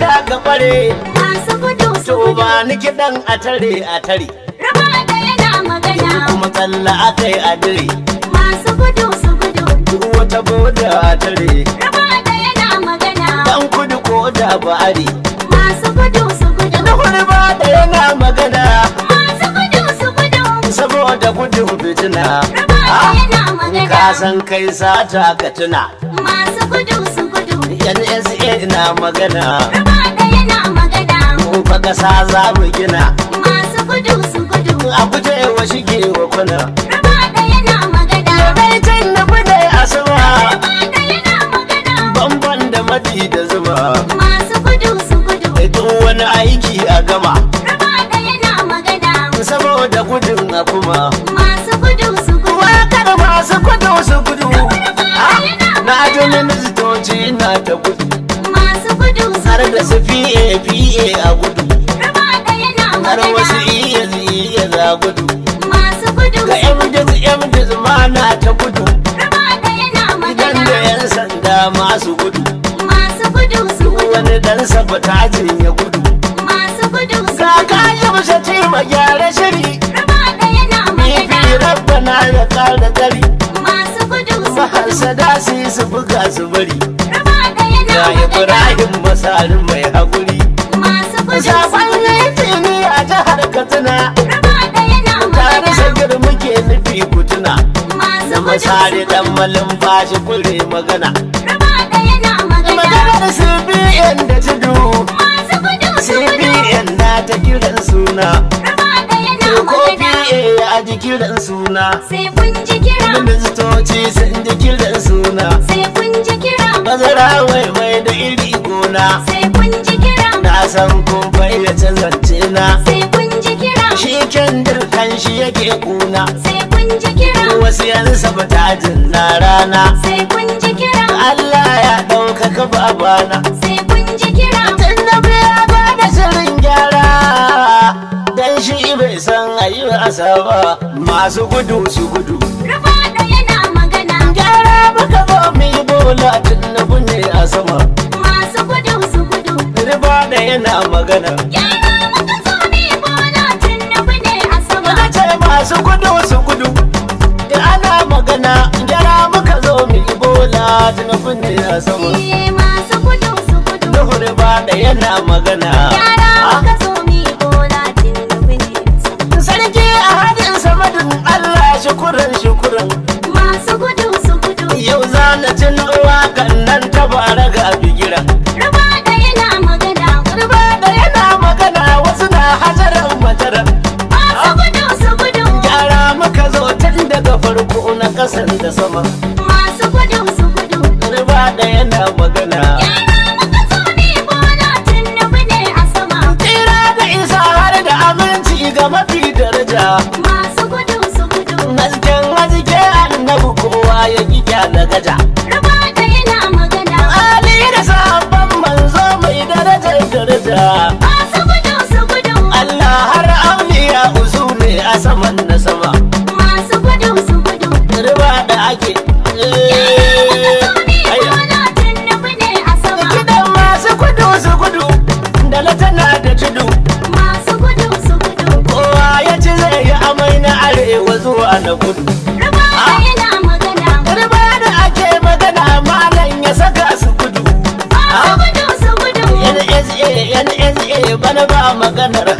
da ka kware masu gudu su gudu ba ni kiɗan atare-atare. a raba da yana magana kuma talla a kai a dire masu gudu su gudu duk wata boda a tare raba da yana magana dan kudu ko da ba masu gudu su gudu da wani ba da yana magana masu gudu su gudu saboda gudu fitina raba da yana ah, magana ka san kai sata ka tuna masu gudu su gudu NSA na magana. Gaba ɗaya na magana. Mu ƙasa za mu gina. Masu gudu su gudu. ta gudu masu gudu har da su fiye fiye a gudu raba ka yana magana har wasu iya iya za gudu masu gudu ka ga emdiz emdiz mana ta gudu raba ka yana magana idan da yan sanda masu gudu masu gudu su wani dan sabata ce ya gudu masu gudu su ga kaji masa taima gyara shiri raba ka yana magana bibi rabbana ya kada gari masu gudu su har sada su buga su bari na Ibrahim Masari mai haƙuri. Sabon laifi ne a jihar Katsina. Tare muke nufi kutuna. Na Masari dan malin bashi kure magana. Maganar CBN da tudu. CBN na ta kiran suna. a kiran suna sai kun ji kira ministoci sun kiran suna sai kun ji kira bazarawa da iri gona sai kun ji kira na san kun fayyace zance na sai kun ji kira shi kendir kan shi yake kuna sai kun ji kira wasu yanzu sabatajin na rana sai kun ji kira Allah ya ɗaukaka babana sai kun ji kira tun da bai gyara dan shi bai san ayi asaba masu gudu su gudu rufa da yana magana gyara baka ba mu ne a sama faɗa yana magana gyara bola tun nufi a sama na ce masu gudu su gudu da ana magana gyara muka zo mu yi bola tun nufi ne a sama eh, masu gudu su gudu nuhuri da yana magana gyara ah. muka zo mu yi bola tun nufi ne a sama sarki a hadin samadin allah shukuran shukuran masu gudu su gudu yau za na tuno sama masu gudun su gudun riba da ake masu gudu su gudu da na tana da tudu gudu su gudu ya zai yi amai na arewa zuwa na gudu ah. yana magana da ake magana malam ya saka su gudu masu ah. gudu su gudu NSA NSA bana ba maganar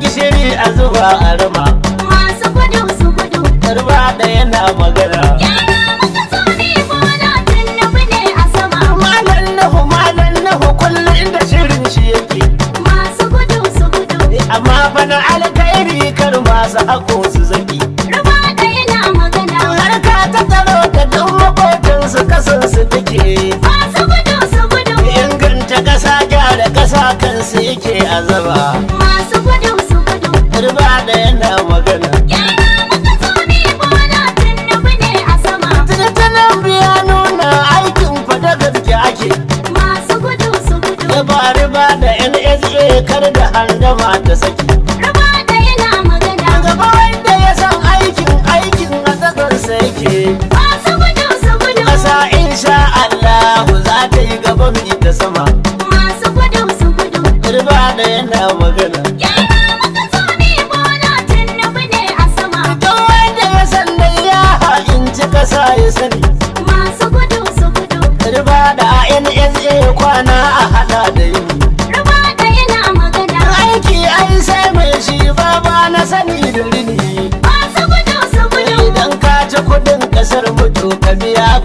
gishiri a zuba a rama masu gudu su gudu karba da yana magana Amma bana alkairi kar masu hako su da yana magana. Har ka tattaro ka dan makotansu kasan su Masu gudu su gudu. Inganta kasa gyara kasa kansu yake azaba. riba da nsa kar da handama ta saki riba da yana magana gaba wanda ya san aikin aikin a tsakar sa yake masu gudu su gudu kasa insha Allah za ta yi gaba mai ta sama masu gudu su gudu riba da yana magana kasa ya sani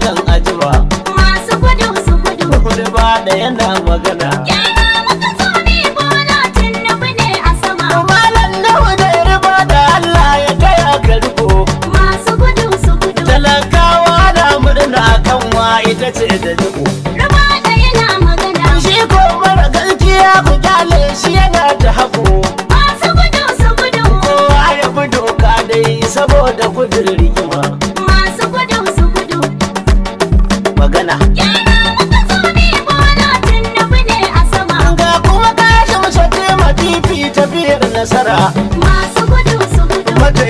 kan ajiba masu gudu su gudu gudu ba da yana magana gyara muka zo ne bola tunnubu ne a sama malam nawa da riba da allah ya kai a karko masu gudu su gudu talakawa na murna kan wa ita ce da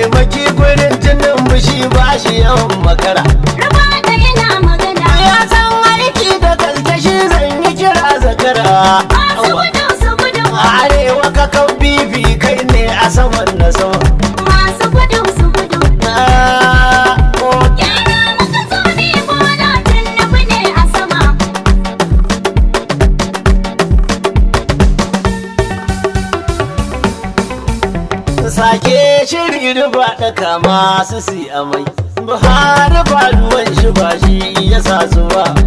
taimaki gurin jinin mushi ba shi yawan makara yana magana ya san aiki da kalkashi zan yi kira zakara shiri riba kama su si amai buhari ba ruwan shi ba shi iya sa zuwa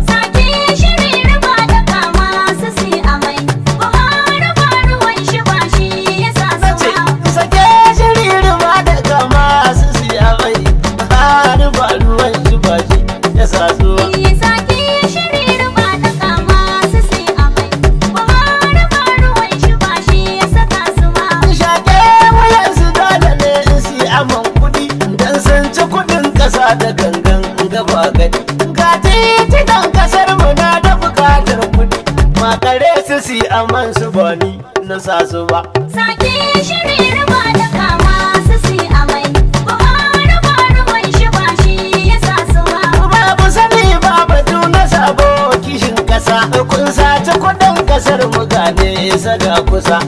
zance kudin kasa da gangan gaba gadi ga titi dan kasar mu na da bukatar kudi ma kare su si aman su bani na sa su ba saki shiri ruba da kama su si amai buhari baru mai shi ba shi ya sa su ba babu sani ba babu tuna sabo kishin kasa kun sace kudin kasar mu ga nesa da kusa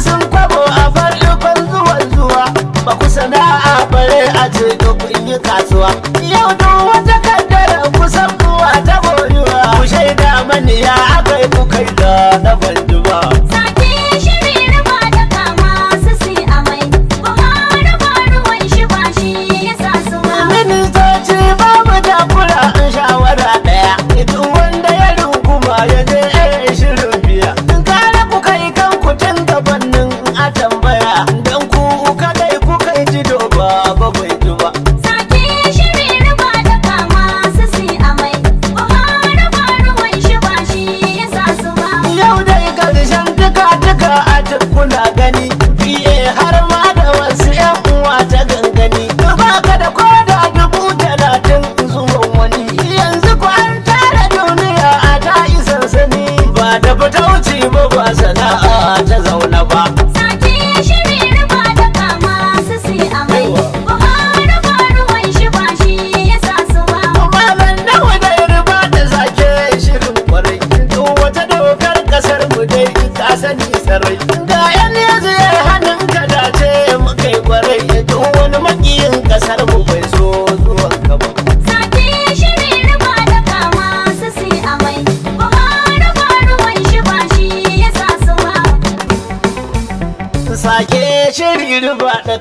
sun kwabo a farkon zuwan zuwa ba ku sana'a bare a ce da yi kasuwa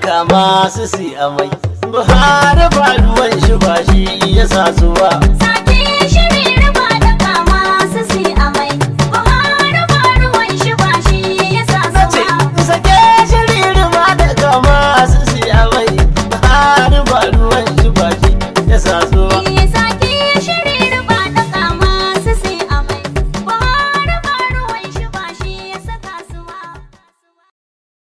haka masu si amai buhari baluwan shi ba shi ya sa zuwa